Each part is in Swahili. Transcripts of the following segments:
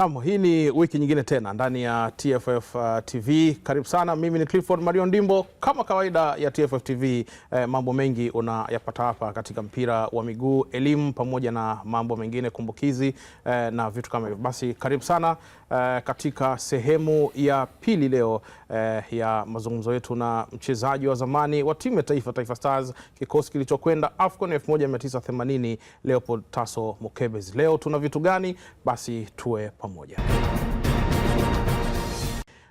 Naam, hii ni wiki nyingine tena ndani ya TFF uh, TV. Karibu sana, mimi ni Clifford Mario Ndimbo. Kama kawaida ya TFF TV eh, mambo mengi unayapata hapa katika mpira wa miguu, elimu pamoja na mambo mengine kumbukizi eh, na vitu kama hivyo. Basi karibu sana Eh, katika sehemu ya pili leo eh, ya mazungumzo yetu na mchezaji wa zamani wa timu ya taifa Taifa Stars kikosi kilichokwenda AFCON 1980 Leopold Taso Mukebezi. Leo tuna vitu gani? Basi tuwe pamoja.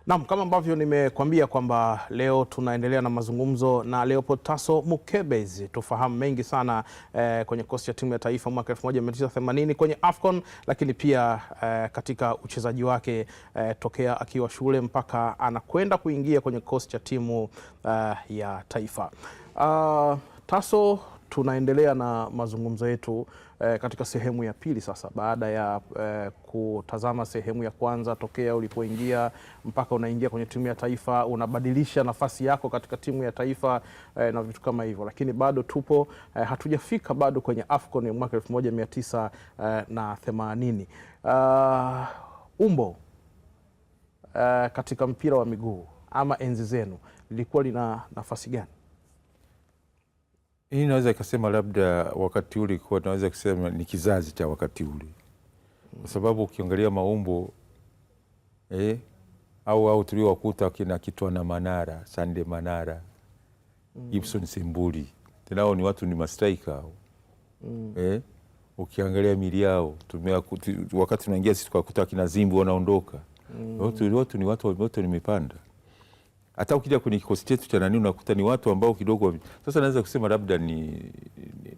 Naam, kama ambavyo nimekuambia kwamba leo tunaendelea na mazungumzo na Leopold Taso Mukebezi, tufahamu mengi sana eh, kwenye kosi ya timu ya taifa mwaka 1980 kwenye AFCON, lakini pia eh, katika uchezaji wake eh, tokea akiwa shule mpaka anakwenda kuingia kwenye kosi cha timu eh, ya taifa. Uh, Taso, tunaendelea na mazungumzo yetu Eh, katika sehemu ya pili sasa, baada ya eh, kutazama sehemu ya kwanza tokea ulipoingia mpaka unaingia kwenye timu ya taifa, unabadilisha nafasi yako katika timu ya taifa eh, na vitu kama hivyo, lakini bado tupo eh, hatujafika bado kwenye AFCON ya mwaka 1980 e, uh, umbo uh, katika mpira wa miguu ama enzi zenu lilikuwa lina nafasi gani? Hii naweza ikasema labda wakati ule kuwa tunaweza kusema ni kizazi cha wakati ule, kwa sababu ukiangalia maumbo eh, au au tuliowakuta kina na Manara, Sande Manara, mm. Gibson Simbuli tenao ni watu ni mastrika mm. eh, ukiangalia mili yao wakati tunaingia sisi tukakuta kina Zimbu wanaondoka mm. watu ni watu, wote watu, watu nimepanda hata ukija kwenye kikosi chetu cha nani unakuta ni watu ambao kidogo wa... Sasa naweza kusema labda ni, ni, ni,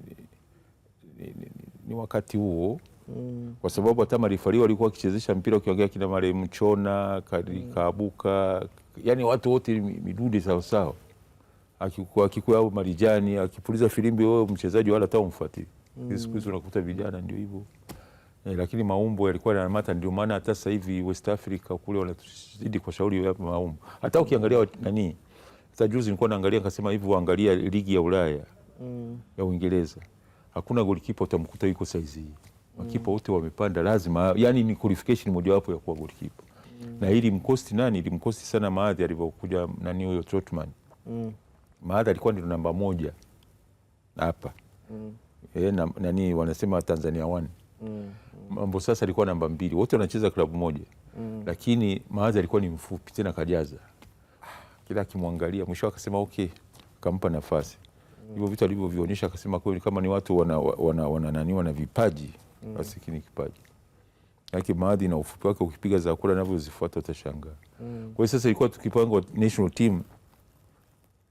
ni, ni, ni wakati huo mm. Kwa sababu hata marifari walikuwa wakichezesha mpira ukiongea kina Mare Mchona Kaabuka, mm. yani watu wote midude sawasawa, akikuwa au marijani akipuliza filimbi, wewe mchezaji wala hata mm. Siku hizi mm. unakuta vijana ndio hivyo. E, lakini maumbo yalikuwa yanamata, ndio maana hata sasa hivi West Africa kule wanazidi kwa shauri ya maumbo. Hata ukiangalia nani, hata juzi nilikuwa naangalia nikasema hivi, waangalia ligi ya Ulaya mm. ya Uingereza, hakuna golikipa utamkuta yuko saizi hii, mm. makipa wote mm. wamepanda, lazima yani ni qualification mojawapo ya kuwa golikipa mm. na ili mkosti nani, ili mkosti sana maadhi alivyokuja nani huyo Trotman mm. maadhi alikuwa ndio namba moja hapa mm. e, na, nani wanasema Tanzania one mm mambo sasa alikuwa namba mbili, wote wanacheza klabu moja mm. Lakini Maazi alikuwa ni mfupi tena kajaza, kila akimwangalia mwisho akasema okay, kampa nafasi mm. Hivyo vitu alivyovionyesha akasema kweli kama ni watu wana, wana, wana, nani wana vipaji mm. Basi kini kipaji yake Maadhi na ufupi wake, ukipiga za kula navyozifuata utashangaa mm. Kwa hiyo sasa ilikuwa tukipanga national team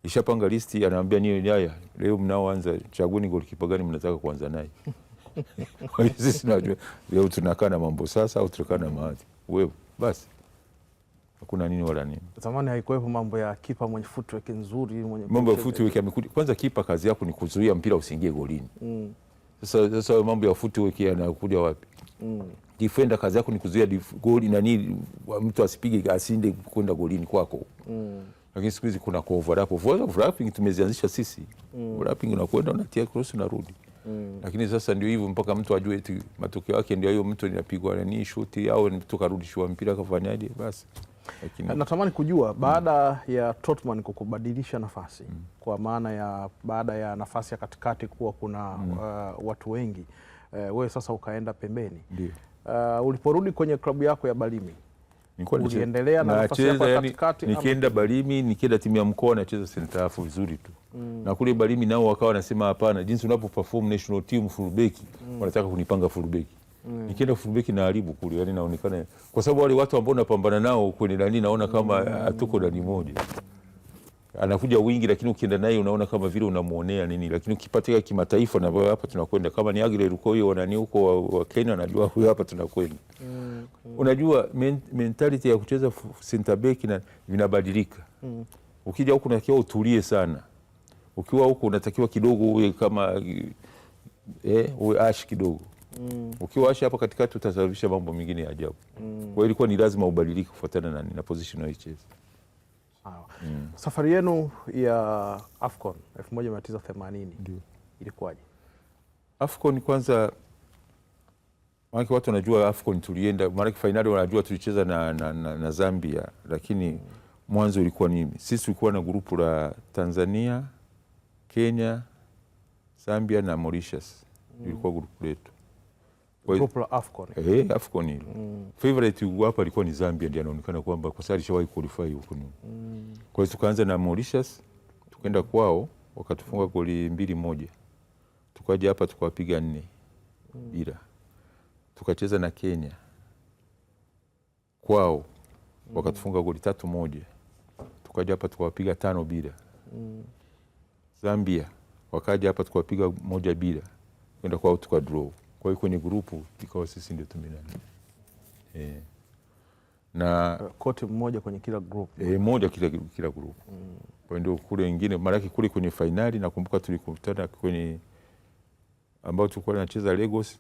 ishapanga listi, anaambia niyo Yaya, leo mnaoanza chaguni golikipa gani mnataka kuanza naye Kwa hiyo sisi tunajua wewe tunakaa na mambo sasa au tunakaa na maati wewe basi hakuna nini wala nini. Zamani haikuwepo mambo ya kipa mwenye footwork nzuri, mwenye mambo ya footwork amekuja. Kwanza kipa kazi yako ni kuzuia mpira usiingie golini. Mm. Sasa sasa mambo ya footwork yanakuja wapi? Mm. Defender kazi yako ni kuzuia goli na nini mtu asipige asinde kwenda golini kwako. Mm. Lakini siku hizi kuna overlap, overlapping tumezianzisha sisi. Mm. Overlapping unakwenda unatia cross unarudi mm. Lakini sasa ndio hivyo mpaka mtu ajue eti matokeo yake ndio hiyo, mtu inapigwa nani shuti au mtu karudishiwa mpira kafanyaje? Basi lakini natamani kujua baada mm. ya Tottenham kukubadilisha nafasi mm. kwa maana ya baada ya nafasi ya katikati kuwa kuna mm. uh, watu wengi uh, wewe sasa ukaenda pembeni uh, uliporudi kwenye klabu yako ya Balimi uliendelea na nafasi yako ya katikati. Nikienda Balimi, nikienda timu ya mkoa nacheza center half vizuri tu mm. na kule Balimi nao wakawa wanasema hapana, jinsi unapo perform national team fullback mm. wanataka kunipanga fullback Mm. Nikienda fulbeki naharibu kule, yani naonekana kwa sababu wale watu ambao napambana nao kwenye dani naona kama mm. hatuko mm. dani moja anakuja wingi, lakini ukienda naye unaona kama vile unamuonea nini, lakini ukipatika kimataifa, na hapa tunakwenda kama ni Aguilera huko, hiyo wanani huko wa wa Kenya, anajua huyo hapa tunakwenda mm, mm. Unajua men, mentality ya kucheza center back na vinabadilika mm. Ukija huko unatakiwa utulie sana, ukiwa huko unatakiwa kidogo uwe kama eh, uwe ash kidogo Mm. Ukiwa ashi hapa katikati utasababisha mambo mengine ya ajabu. Mm. Kwa hiyo ilikuwa ni lazima ubadilike kufuatana na, na position unayocheza mm. Safari yenu ya Afcon 1980 ilikuwaje? Afcon kwanza, maanake watu wanajua Afcon tulienda, maanake fainali wanajua tulicheza na, na, na, na Zambia, lakini mm. mwanzo ulikuwa nini? Sisi tulikuwa na grupu la Tanzania, Kenya, Zambia na Mauritius, ilikuwa mm. grupu letu la AFCON eh, AFCON hilo mm. favorite hapa alikuwa ni Zambia, ndio anaonekana kwamba kwa sababu alishawahi qualify huko nyuma mm. kwa hiyo tukaanza na Mauritius tukaenda kwao wakatufunga goli mbili moja, tukaja hapa tukawapiga nne mm. bila mm. tukacheza na Kenya kwao mm. wakatufunga goli tatu moja, tukaja hapa tukawapiga tano bila mm. Zambia wakaja hapa tukawapiga moja bila, Tukaenda kwao tukadraw. Mm. Kwa hiyo kwenye grupu ikawa sisi ndio tume e. Eh. na kote mmoja kwenye kila grupu e, eh, mmoja kila, kila grupu mm. Kwa ndio kule wengine, maanake kule kwenye fainali nakumbuka tulikutana kwenye ambao tulikuwa tunacheza Lagos,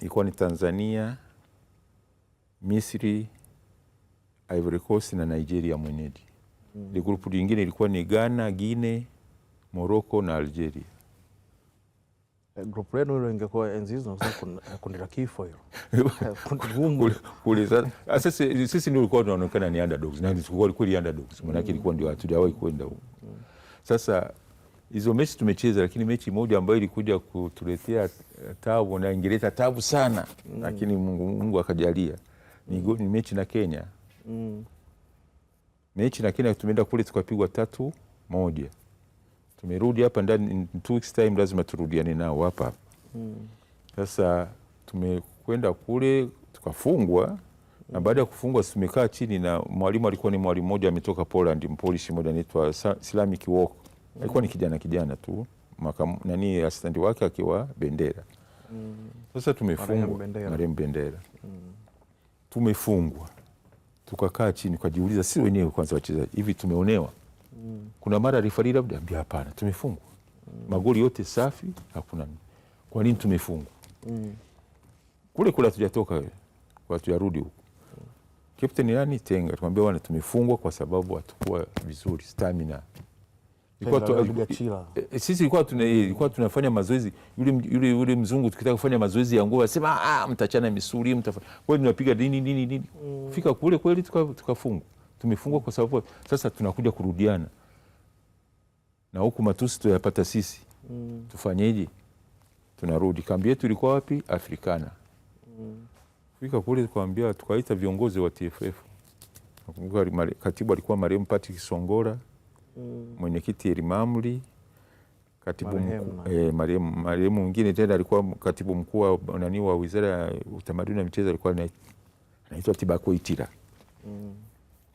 ilikuwa ni Tanzania, Misri, Ivory Coast na Nigeria mwenyeji mm. Grupu lingine ilikuwa ni Ghana, Guinea, Morocco na Algeria. Eh, grupu lenu hilo ingekuwa enzi hizo eh, kundi la kifo hilo eh, kundi gumu. Ah, sisi, sisi ndio ulikuwa tunaonekana ni underdogs na tulikuwa kweli underdogs, maana yake mm. ilikuwa ndio hatujawahi kwenda huko. Mm. Sasa hizo mechi tumecheza, lakini mechi moja ambayo ilikuja kutuletea tabu na ingeleta tabu sana mm. lakini Mungu, Mungu akajalia ni, mm. ni mechi na Kenya mm. mechi na Kenya tumeenda kule tukapigwa tatu moja tumerudi hapa ndani, in two weeks time lazima turudiane nao hapa hmm. sasa. Tumekwenda kule tukafungwa na baada ya kufungwa tumekaa chini na mwalimu, alikuwa ni mwalimu mmoja ametoka Poland, Mpolish mmoja anaitwa Slamic Wok, Mm. Alikuwa ni hmm. kijana kijana tu maka, nani asistanti wake akiwa Bendera. Mm. Sasa tumefungwa marehemu Bendera. Hmm. Tumefungwa tukakaa chini tukajiuliza, si wenyewe kwanza wachezaji hivi tumeonewa? mm. kuna mara rifari labda ambia hapana, tumefungwa mm. magoli yote safi, hakuna kwa nini tumefungwa? mm. kule kule hatujatoka wewe, hatujarudi huko mm. captain nani Tenga tumwambia bwana, tumefungwa kwa sababu hatukuwa vizuri stamina eh, eh, sisi ilikuwa tuna, eh, ilikuwa tunafanya mazoezi yule, yule, yule mzungu tukitaka kufanya mazoezi ya nguvu asema ah, mtachana misuli mtafanya, kwa hiyo tunapiga nini nini nini, mm. fika kule kweli tukafungwa tuka tumefungwa kwa sababu sasa tunakuja kurudiana na huku matusi tuyapata sisi mm. Tufanyeje? Tunarudi kambi yetu ilikuwa wapi? Afrikana mm. Fika kule kuambia tukaita viongozi wa TFF. Nakumbuka katibu alikuwa marehemu Patrick Songora mm. mwenyekiti Elimamli katibu eh, marehemu marehemu mwingine tena alikuwa katibu mkuu wa nani wa wizara ya utamaduni na michezo alikuwa anaitwa tibakoitira mm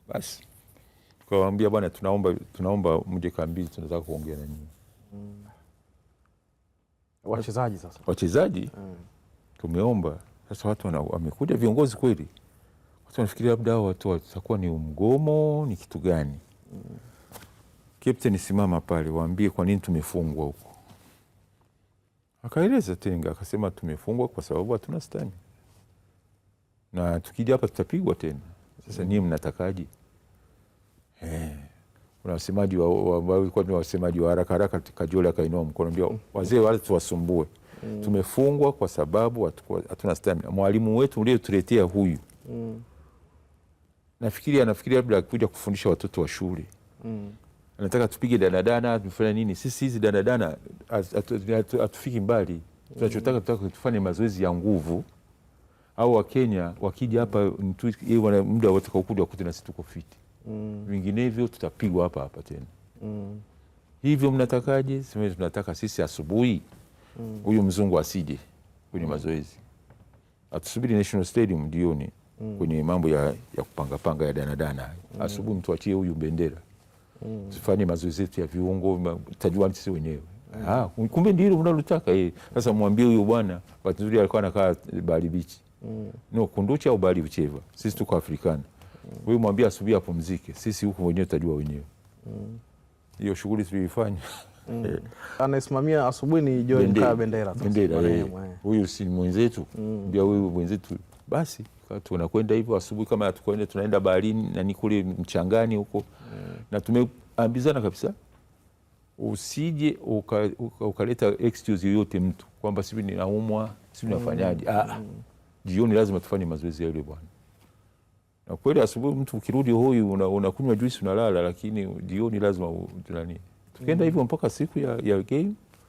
basi kawambia bwana, tunaomba tunaomba mje kambi, tunataka kuongea na nyinyi mm. wachezaji sasa, wachezaji mm. tumeomba sasa. Watu wamekuja viongozi kweli, watu wanafikiria labda hao watu watakuwa ni mgomo, ni kitu gani mm. Kapteni, simama pale, waambie kwa nini tumefungwa huko. Akaeleza Tenga akasema, tumefungwa kwa sababu hatuna stani na tukija hapa tutapigwa tena sasa nyie mnatakaji Eh, una wasemaji ambao ilikuwa ni wasemaji wa haraka haraka. Kajola akainua mkono, ndio wazee wale tuwasumbue. Mm. Tumefungwa kwa sababu hatuna stamina. Mwalimu wetu uliotuletea huyu mm. nafikiri anafikiria labda kuja kufundisha watoto wa shule mm. anataka tupige danadana tufanye nini? Sisi hizi danadana hatufiki mbali. Mm. Tunachotaka tutaka tufanye mazoezi ya nguvu au Wakenya wakija hapa wana muda watakaokuja wakute nasi tuko fiti mm. vinginevyo tutapigwa hapa hapa tena mm. hivyo mnatakaje? Sema tunataka sisi asubuhi mm. huyu mm. mzungu asije kwenye mm. mazoezi, atusubiri National Stadium jioni mm. kwenye mambo ya, ya kupangapanga ya danadana mm. asubuhi mtuachie huyu bendera mm. tufanye mazoezi yetu ya viungo, tajua sisi wenyewe mm. Ah, kumbe ndilo mnalotaka sasa. Mwambie huyo bwana, bahati nzuri alikuwa anakaa Baribichi no kunduchi au bali ucheva, sisi tuko Afrikana mm. wewe mwambie asubiri apumzike, sisi huku wenyewe tutajua wenyewe hiyo mm. shughuli tuliyoifanya mm. anasimamia asubuhi ni John Bendera, Bendera, Bendera eh. Eh. huyu si mwenzetu mm. ndio huyu mwenzetu basi tunakwenda hivyo asubuhi, kama hatukwenda tunaenda baharini na ni kule mchangani huko mm. na tumeambizana kabisa usije ukaleta uka, uka excuse yoyote mtu kwamba sivyo ninaumwa sivyo mm. nafanyaje. mm. ah. mm jioni lazima tufanye mazoezi ya yule bwana. Na kweli asubuhi mtu ukirudi huyu unakunywa una juisi unalala, lakini jioni lazima nani. Tukaenda mm. hivyo mpaka siku ya, ya game.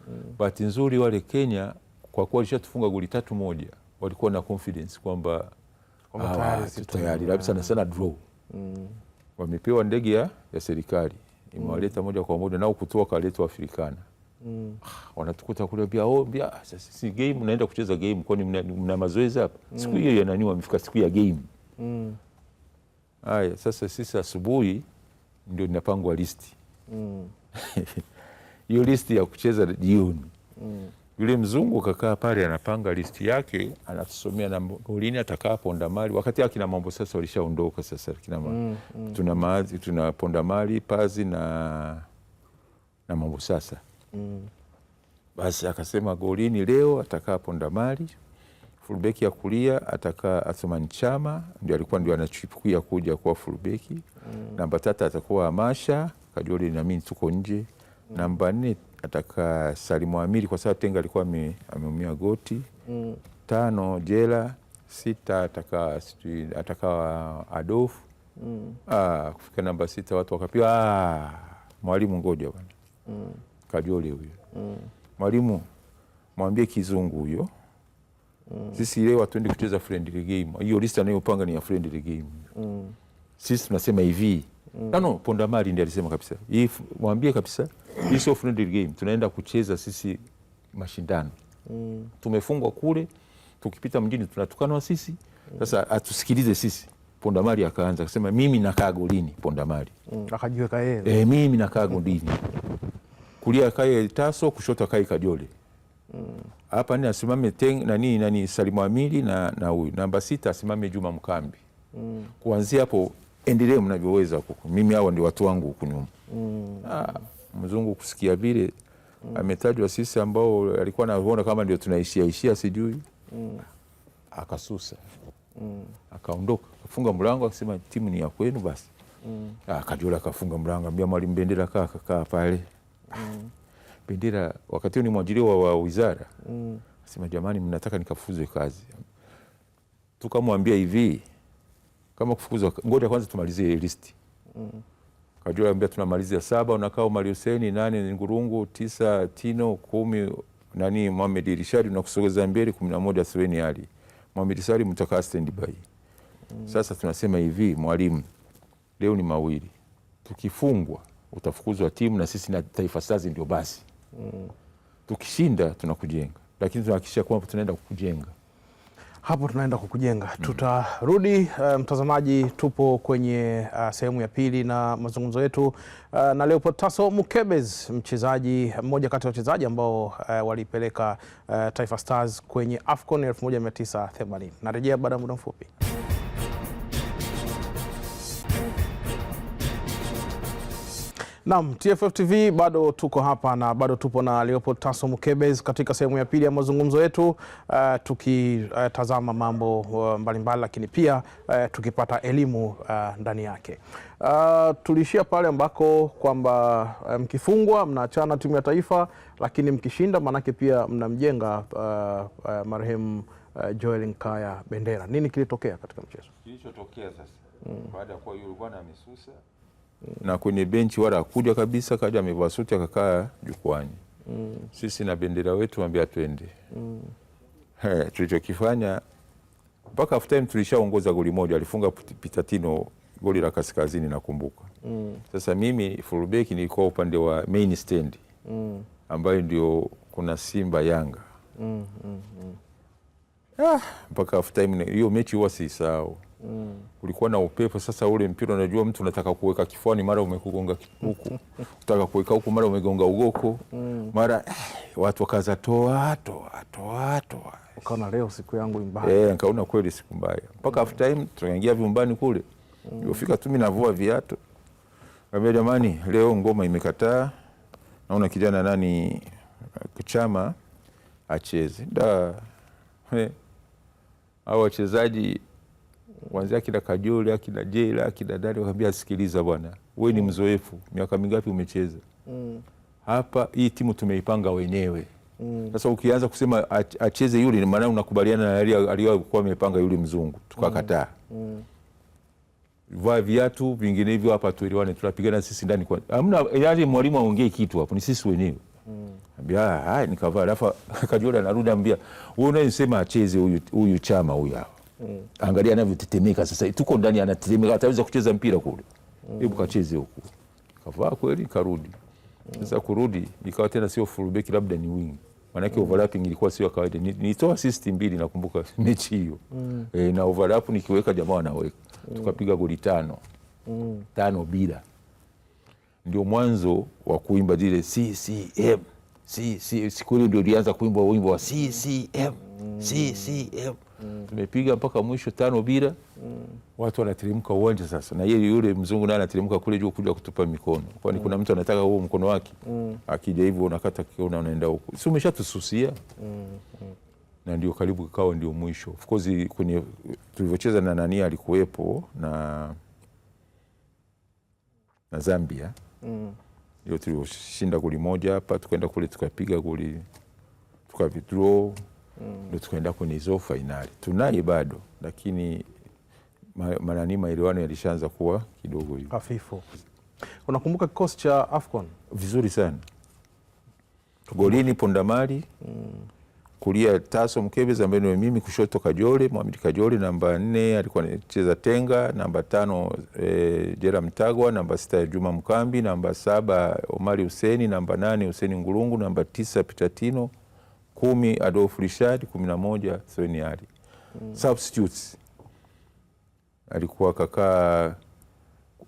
Mm. Bahati nzuri wale Kenya kwa kuwa walishatufunga goli tatu moja walikuwa na confidence kwamba ah, tayari labda sana sana draw mm. Wamepewa ndege ya serikali imewaleta moja kwa moja nao kutoka waletwa Afrikana mm. wanatukuta kule bia oh, pia si game, unaenda kucheza game, kwani mna, mna mazoezi hapa mm. siku hiyo ya nani, wamefika siku ya game mm. Haya, sasa sisi asubuhi ndio inapangwa listi mm. hiyo mm. listi ya kucheza jioni mm. Yule mzungu kakaa pale anapanga listi yake, anatusomea na golini atakaa mali, Wakati akina mambo sasa walishaondoka sasa kina mm, mm. tuna mazi tuna ponda mali pazi na na mambo sasa mm. Basi akasema golini leo atakaa Pondamali, fulbeki ya kulia atakaa Athman Chama, ndio alikuwa ndio anachipukia kuja kuwa fulbeki mm. Namba tatu atakuwa Amasha Kajoli na mimi tuko nje mm. Namba nne atakaa Salimu Amiri kwa sababu Tenga alikuwa ameumia goti mm. Tano Jela, sita atakaa atakaa Adolfu mm. Ah, kufika namba sita watu wakapiwa, ah, mwalimu ngoja bwana mm. Kajole huyo mm. Mwalimu mwambie kizungu huyo mm. Sisi leo hatuendi kucheza friendly game. Hiyo list anayopanga ni ya friendly game mm. Sisi tunasema hivi mm. Nano Ponda Mali ndiye alisema kabisa, hii, mwambie kabisa hii sio friendly game, tunaenda kucheza sisi mashindano mm. Tumefungwa kule, tukipita mjini tunatukanwa sisi mm. sasa mm. Atusikilize sisi Ponda Mali akaanza kusema mimi nakaa golini Ponda Mali mm. Akajiweka yeye e, mimi nakaa golini kulia kae Taso, kushoto kae Kajole hapa mm. ni asimame teng, nani nani Salimu Amili na na huyu namba sita asimame Juma Mkambi mm. kuanzia hapo endelee mnavyoweza huku. Mimi hao ndio watu wangu huku nyuma mm. ah, mzungu kusikia vile mm. ametajwa sisi ambao alikuwa anaona kama ndio tunaishia ishia sijui mm. akasusa mm. akaondoka akafunga mlango akasema timu ni ya kwenu basi mm. Ah, Akajola akafunga mlango ambia mwalimu Bendera kaka kaa pale mm. Bendera wakati huo ni mwajiriwa wa wizara mm. Sema jamani, mnataka nikafukuzwe kazi? Tukamwambia hivi, kama kufukuzwa, ngoja kwanza tumalizie listi mm. Kajua ambia tunamalizia saba, unakaa Omari Huseni, nane Ngurungu, tisa Tino, kumi nani Mohamed Rishadi, unakusogeza mbele, kumi na moja Sweni Ali Mohamed Sali, mtakaa standby mm. Sasa tunasema hivi, mwalimu, leo ni mawili, tukifungwa utafukuzwa timu na sisi na Taifa Stars ndio basi. Mm. Tukishinda tunakujenga, lakini tunahakikisha kwamba tunaenda kukujenga hapo tunaenda kukujenga. Mm. Tutarudi uh, mtazamaji, tupo kwenye uh, sehemu ya pili na mazungumzo yetu uh, na Leopold Taso mchezaji mmoja kati ya wachezaji ambao uh, walipeleka uh, Taifa Stars kwenye AFCON 1980. Narejea baada ya muda mfupi. Naam, TFF TV bado tuko hapa na bado tupo na Leopold Taso Mukebezi katika sehemu ya pili ya mazungumzo yetu, uh, tukitazama uh, mambo eh, mbalimbali uh, mbali, lakini pia uh, tukipata elimu ndani yake. Uh, tuliishia pale ambako kwamba mkifungwa mnaachana timu ya taifa, lakini mkishinda maanake pia mnamjenga uh, uh, marehemu uh, Joel Nkaya Bendera. Nini kilitokea katika mchezo? Kilichotokea sasa mm. baada ya kuwa yule bwana amesusa na kwenye benchi wala akuja kabisa, kaja amevaa suti akakaa jukwani mm. Sisi na bendera wetu ambia twende mm. Tulichokifanya mpaka half time tulishaongoza goli moja, alifunga Pitatino goli la kaskazini nakumbuka mm. Sasa mimi fullback nilikuwa upande wa main stand mm. ambayo ndio kuna Simba Yanga mm, mm, mm. Ah, mpaka half time hiyo mechi huwa siisahau. Mm. Ulikuwa na upepo sasa, ule mpira unajua, mtu unataka kuweka kifuani, mara umekugonga huku unataka kuweka huku, mara umegonga ugoko mm. mara eh, watu wakaza toa toa toa toa, ukaona leo siku yangu mbaya eh, nikaona kweli siku mbaya mpaka half time mm. tukaingia vyumbani kule mm. ilipofika tu mimi navua viatu, kaambia jamani, leo ngoma imekataa, naona kijana nani eh, Chama acheze da hey. Eh au wachezaji wanzi akina kajoli akina Jela akina Dani wakaambia, sikiliza bwana, we ni mm. mzoefu, miaka mingapi umecheza mm. hapa hii timu tumeipanga wenyewe mm. sasa mm. ukianza kusema acheze yule, maana unakubaliana na aliyokuwa amepanga yule mzungu, tukakataa mm. mm. vaa viatu hivyo, hapa tuelewane, tunapigana sisi ndani kwa hamna, yaani mwalimu aongee kitu hapo, ni sisi wenyewe mm. Ambia ah, hai nikavaa, alafu ambia, wewe unayesema acheze huyu huyu chama huyu hapa. Mm. Angalia anavyotetemeka sasa, tuko ndani anatetemeka, ataweza kucheza mpira kule. Mm. kacheze Kavaa kweli karudi. Mm. Sasa kurudi ikawa tena sio labda ni wing. Maana mm. overlapping ilikuwa sio kawaida. assist mbili nakumbuka mechi hiyo. Mm. E, na overlap nikiweka jamaa anaweka. Mm. Tukapiga goli tano. Mm. Tano bila. Ndio mwanzo wa kuimba zile CCM si, siku hili ndio ulianza kuimbwa wimbo wa CCM mm. CCM mm. mm. tumepiga mpaka mwisho tano bila mm. watu wanateremka uwanja sasa, na yeye yule mzungu naye anateremka kule juu kuja kutupa mikono, kwani mm. kuna mtu anataka huo mkono wake mm. akija hivyo unakata kiona unaenda huko, si umeshatususia mm. mm. na ndio karibu kikawa ndio mwisho. Of course kwenye tulivyocheza na nani alikuwepo na na Zambia mm hiyo tulioshinda goli moja hapa, tukaenda kule tukapiga goli tukavidraw, mm. ndo tukaenda kwenye hizo fainali. Tunaye bado lakini manani maelewano yalishaanza kuwa kidogo hivi hafifu. Unakumbuka kikosi cha AFCON vizuri sana golini Pondamali mm kulia Taso Mkevezi ambaye ni mimi, kushoto Kajole Mohamed Kajole, namba nne alikuwa anacheza tenga, namba tano e, Jera Mtagwa, namba sita Juma Mkambi, namba saba Omari Huseni, namba nane Huseni Ngurungu, namba tisa Pitatino, kumi Adolf Richard, kumi na moja Thweni Ali. Mm. Substitutes alikuwa kakaa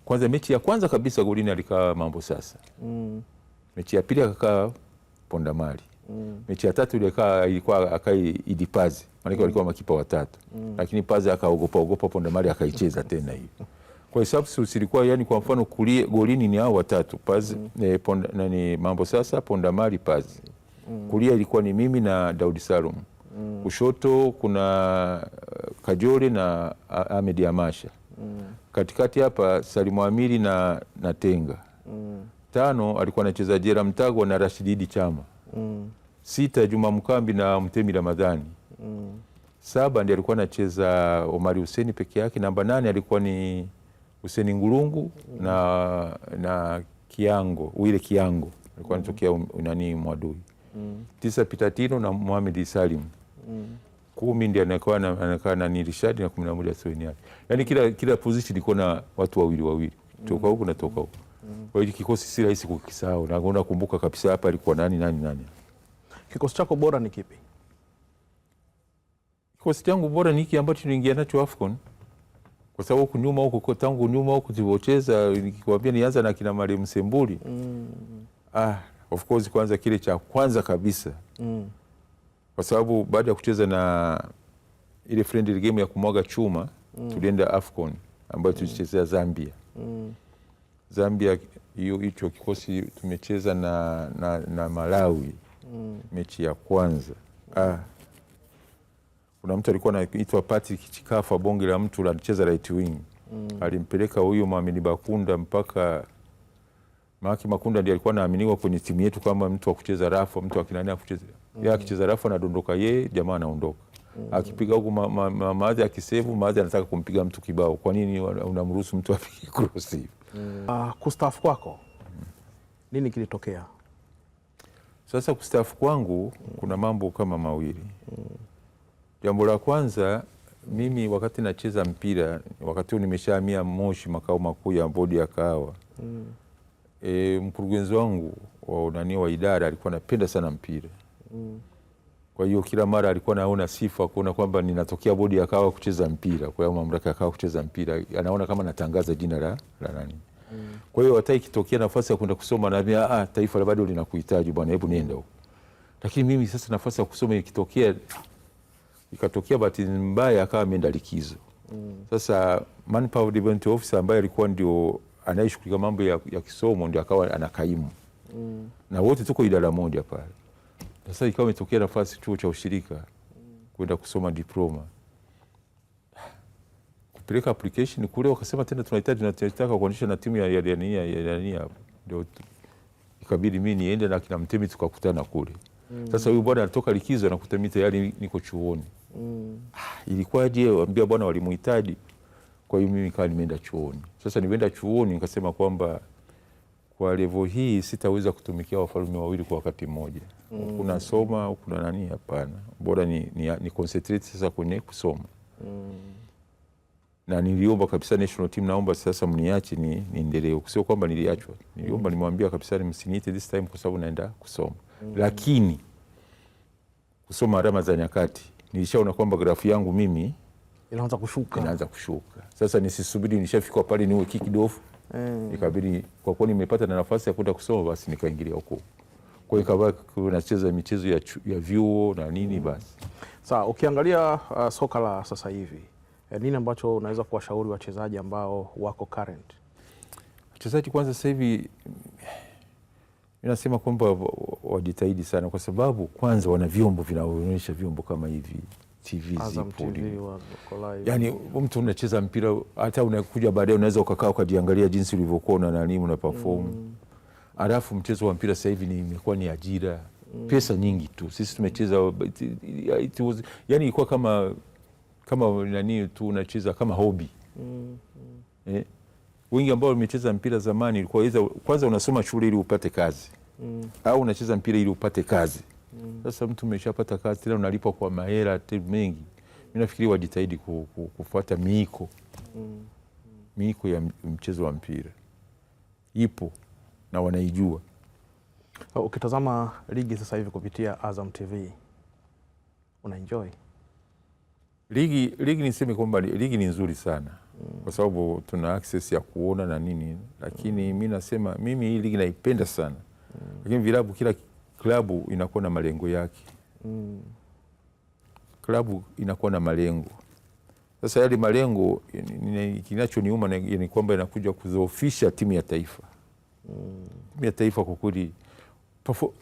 kwanza, mechi ya kwanza kabisa golini alikaa Mambo Sasa. Mm. Mechi ya pili akakaa Pondamali mm. mechi ya tatu ile kaa ilikuwa akai idipazi maanake mm. makipa watatu mm. lakini pazi akaogopa ogopa ponde mali akaicheza tena hiyo kwa hesabu substitutes ilikuwa yani, kwa mfano kulie golini ni hao watatu pazi mm. eh, ponda, nani mambo sasa ponda mali pazi mm. kulia ilikuwa ni mimi na Daudi Salum mm. kushoto kuna uh, Kajole na uh, Ahmed Amasha mm. katikati hapa Salimu Amiri na, na Tenga mm. tano alikuwa anacheza Jera Mtago na Rashididi Chama mm. sita Juma Mkambi na Mtemi Ramadhani mm. saba ndiye alikuwa anacheza Omari Huseni peke yake. Namba nane alikuwa ni Huseni Ngurungu mm. na, na Kiango Wile Kiango alikuwa mm. anatokea mm. nani Mwadui mm. tisa Pitatino na Mohamed Salim mm kumi ndio anakaa anakaa na Nirishadi na kumi na moja Soweniani. Yaani kila kila position ilikuwa na watu wawili wawili, mm. toka huku na toka huku. Kwa hiyo kikosi si rahisi kukisahau, na unakumbuka kabisa hapa alikuwa nani nani nani. Kikosi chako bora ni kipi? Kikosi changu bora ni hiki ambacho niingia nacho AFCON kwa sababu huku nyuma huku tangu nyuma huku tulivyocheza, nikikwambia nianza na kina Mariam Sembuli mm. Ah, of course kwanza kile cha kwanza kabisa mm. kwa sababu baada ya kucheza na ile friendly game ya kumwaga chuma mm. tulienda AFCON ambayo mm. tulichezea Zambia mm. Zambia hiyo hicho kikosi tumecheza na, na, na Malawi mm. mechi ya kwanza ah. Kuna mtu alikuwa anaitwa Patrick Chikafa, bonge la mtu anacheza right wing mm. alimpeleka huyo Mwamini Bakunda mpaka Maki Makunda ndiye alikuwa anaaminiwa kwenye timu yetu kama mtu wa kucheza rafu, mtu akinani akucheza mm. akicheza rafu anadondoka, yeye jamaa anaondoka. Mm. akipiga huku ma, ma, maadhi akisevu maadhi anataka kumpiga mtu kibao. Kwa nini unamruhusu mtu apige cross hivi? Uh, kustaafu kwako nini kilitokea? Sasa kustaafu kwangu mm. kuna mambo kama mawili. Jambo la kwanza mimi wakati nacheza mpira, wakati huu nimeshaamia Moshi, makao makuu ya bodi ya kahawa mm. E, mkurugenzi wangu wa nani wa idara alikuwa anapenda sana mpira mm. Kwa hiyo kila mara alikuwa anaona sifa kuona kwamba ninatokea bodi ya kahawa kucheza mpira, kwa hiyo mamlaka ya kahawa kucheza mpira, anaona kama natangaza jina la la nani. Mm. Kwa hiyo hata ikitokea nafasi ya kwenda kusoma anaambia ah, taifa la bado linakuhitaji bwana, hebu nenda huko. Lakini mimi sasa nafasi ya kusoma ikitokea ikatokea bahati mbaya akawa ameenda likizo. Mm. Sasa manpower development officer ambaye alikuwa ndio anayeshughulikia mambo ya, ya kisomo ndio akawa anakaimu. Mm. Na wote tuko idara moja pale. Sasa ikawa imetokea nafasi chuo cha ushirika kwenda kusoma diploma, kupeleka application kule, wakasema tena tunahitaji tunataka kuonyesha na timu ya Yania Yania, ndio ikabidi mimi niende na kina Mtemi tukakutana kule. Mm. Sasa huyu bwana alitoka likizo anakuta mimi tayari niko chuoni. Mm. Ah, ilikuwaje? Ambia bwana walimuhitaji. Kwa hiyo mimi nikawa nimeenda chuoni. Sasa nimeenda chuoni nikasema kwamba kwa levo hii sitaweza kutumikia wafalme wawili kwa wakati mmoja mm. unasoma au kuna nani? Hapana, bora ni, ni, ni concentrate sasa kwenye kusoma mm. na niliomba kabisa national team, naomba sasa mniache ni niendelee, sio kwamba niliachwa, niliomba mm. nimwambia kabisa ni msiniite this time kwa sababu naenda kusoma mm. lakini kusoma alama za nyakati nilishaona kwamba grafu yangu mimi inaanza kushuka, inaanza kushuka. Sasa nisisubiri nishafika pale niwe kikidofu mm. Ikabidi kwa kuwa nimepata na nafasi ya kwenda kusoma, basi nikaingilia huko kwa hiyo kabaki kunacheza michezo ya, ya vyuo na nini mm. basi. Sasa ukiangalia uh, soka la sasa hivi e, nini ambacho unaweza kuwashauri wachezaji ambao wako current wachezaji? Kwanza sasa hivi nasema kwamba wajitahidi sana, kwa sababu kwanza wana vyombo vinaonyesha vyombo kama hivi TV zipo, yani mtu unacheza mpira hata unakuja baadaye unaweza ukakaa ukajiangalia jinsi ulivyokuwa na nani una perform mm alafu mchezo wa mpira sasa hivi imekuwa ni, ni ajira mm. pesa nyingi tu. Sisi tumecheza yani, ilikuwa kama kama nani tu unacheza kama hobi mm. mm. eh? Wengi ambao wamecheza mpira zamani ilikuwa iza, kwanza unasoma shule ili upate kazi mm. au unacheza mpira ili upate kazi mm. sasa mtu umeshapata kazi tena unalipwa kwa mahera mengi. Mimi nafikiri wajitahidi kufuata miiko mm. miiko ya mchezo wa mpira ipo na wanaijua. Ukitazama ligi sasa hivi kupitia Azam TV unaenjoy ligi? Ligi niseme kwamba ligi ni nzuri sana mm. kwa sababu tuna access ya kuona na nini, lakini mm. mi nasema mimi hii ligi naipenda sana mm. lakini vilabu, kila klabu inakuwa na malengo yake mm. klabu inakuwa na malengo sasa yale malengo kinachoniuma ni kwamba inakuja kudhoofisha timu ya taifa mm. Mia taifa kwa kweli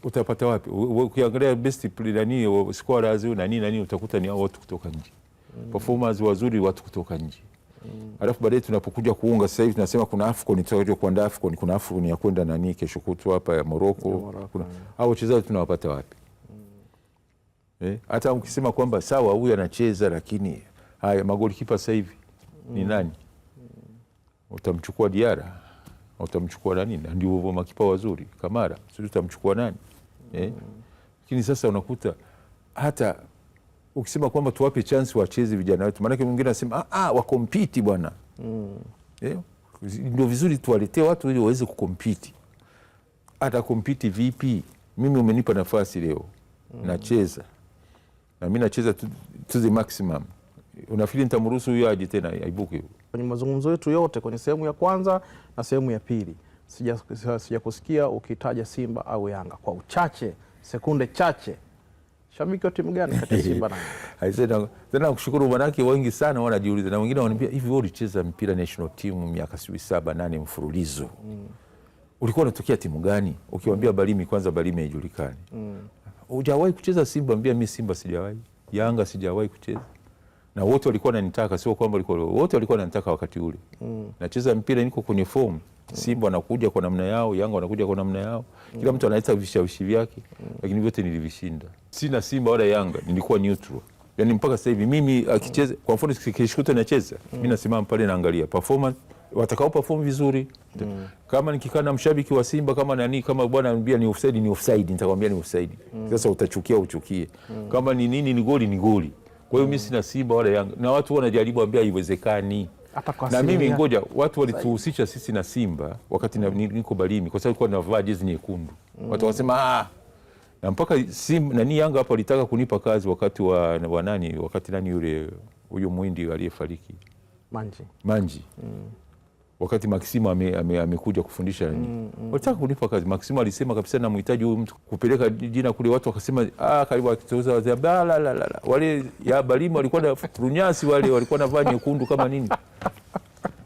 utapata wapi? Ukiangalia best nani scorers nani nani utakuta ni watu kutoka nje mm. performers wazuri watu kutoka nje mm. alafu baadaye tunapokuja kuunga sasa hivi tunasema kuna Afcon tutakuja kuandaa Afcon, kuna Afcon ya kwenda nani kesho kutwa hapa ya Morocco, kuna mm. hao wachezaji tunawapata wapi? mm. eh, hata ukisema kwamba sawa huyu anacheza lakini haya magolikipa sasa hivi mm. ni nani? mm. utamchukua Diara utamchukua nani? Na ndio hivyo makipa wazuri Kamara, sio utamchukua nani eh? Lakini sasa unakuta hata ukisema kwamba tuwape chance wacheze vijana wetu, maanake mwingine anasema ah, ah, wakompiti bwana mm. eh? Ndio vizuri tuwaletee watu ili waweze kukompiti. Atakompiti vipi? Mimi umenipa nafasi leo mm. nacheza na mi nacheza to, the maximum. Unafikiri nitamruhusu huyo aje tena aibuke? huyo? kwenye mazungumzo yetu yote kwenye sehemu ya kwanza na sehemu ya pili sijakusikia sija ukitaja Simba au Yanga kwa uchache, sekunde chache. Shabiki wa timu gani kati ya Simba na Yanga? Tena kushukuru manake wengi sana wanajiuliza na wengine wananiambia hivi, wewe ulicheza mpira national team miaka sijui saba nane mfululizo mm. ulikuwa unatokea timu gani? Ukiwaambia mm. Balimi, kwanza Balimi haijulikani mm. Ujawahi kucheza Simba? Ambia mi Simba sijawahi, Yanga sijawahi kucheza na wote walikuwa wananitaka, sio kwamba walikuwa wote walikuwa wananitaka wakati ule mm. nacheza mpira niko kwenye fomu mm. Simba wanakuja kwa namna yao, Yanga wanakuja kwa namna yao, kila mm. mtu analeta vishawishi vyake, mm. lakini vyote nilivishinda. Sina Simba wala Yanga, nilikuwa neutral. Yani mpaka sasa hivi mimi akicheza, kwa mfano kishikuto nacheza mimi, nasimama pale naangalia performance, watakao perform vizuri. Kama nikikaa na mshabiki wa Simba kama nani, kama bwana anambia ni offside, ni offside, nitakwambia ni offside. Sasa utachukia uchukie, kama ni nini, ni goli, ni goli kwa hiyo mi sina Simba wala Yanga na watu wanajaribu ambia haiwezekani na mimi ngoja, watu walituhusisha sisi na Simba wakati na, niko Balimi kwa sababu nilikuwa navaa jezi nyekundu mm. Watu ah, na mpaka Simba nani Yanga hapo walitaka kunipa kazi wakati wa, wa nani wakati nani yule huyo mwindi aliyefariki Manji, Manji. Mm wakati Maksimo amekuja ame, ame kufundisha mm, mm. Walitaka kunipa kazi. Maksimo alisema kabisa namhitaji huyu mtu kupeleka jina kule, watu wakasema ah, karibu akitoza wale ya balimu walikuwa na turunyasi wale walikuwa navaa nyekundu kama nini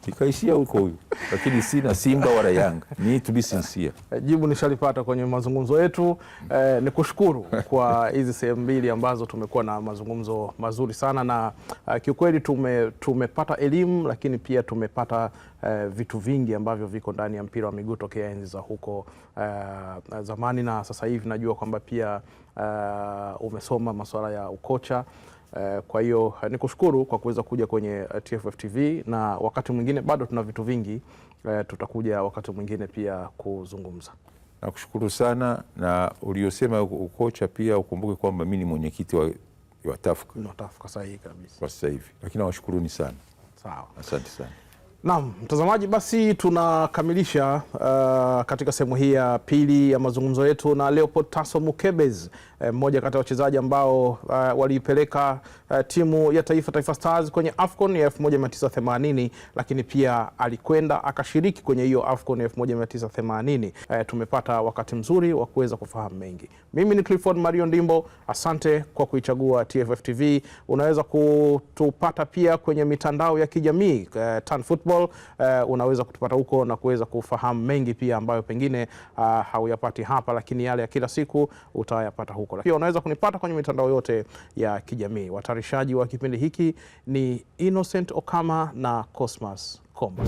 nikaishia huko huyu, lakini sina Simba wala Yanga. Ni to be sincere. Eh, jibu nishalipata kwenye mazungumzo yetu. Eh, ni kushukuru kwa hizi sehemu mbili ambazo tumekuwa na mazungumzo mazuri sana na uh, kiukweli tume, tumepata elimu lakini pia tumepata uh, vitu vingi ambavyo viko ndani ya mpira wa miguu tokea enzi za huko uh, zamani na sasa hivi najua kwamba pia uh, umesoma masuala ya ukocha Eh, kwa hiyo eh, ni kushukuru kwa kuweza kuja kwenye eh, TFF TV na wakati mwingine bado tuna vitu vingi, tutakuja wakati mwingine pia kuzungumza. Nakushukuru sana na uliosema ukocha pia ukumbuke kwamba mimi ni mwenyekiti wa, wa No, sahihi kabisa. Kwa sasa hivi. Lakini nawashukuruni sana. Sawa. Asante sana. Naam, mtazamaji, basi tunakamilisha uh, katika sehemu hii ya pili ya mazungumzo yetu na Leopold Taso Mukebezi Eh, mmoja kati ya wachezaji ambao uh, waliipeleka uh, timu ya taifa Taifa Stars kwenye AFCON ya 1980 lakini pia alikwenda akashiriki kwenye hiyo AFCON ya 1980. Uh, tumepata wakati mzuri wa kuweza kufahamu mengi. Mimi ni Clifford Mario Ndimbo, asante kwa kuichagua TFF TV. Unaweza kutupata pia kwenye mitandao ya kijamii uh, Tan Football uh, unaweza kutupata huko na kuweza kufahamu mengi pia ambayo pengine uh, hauyapati hapa, lakini yale ya kila siku utayapata huko yako, pia unaweza kunipata kwenye mitandao yote ya kijamii. Watarishaji wa kipindi hiki ni Innocent Okama na Cosmas Komba.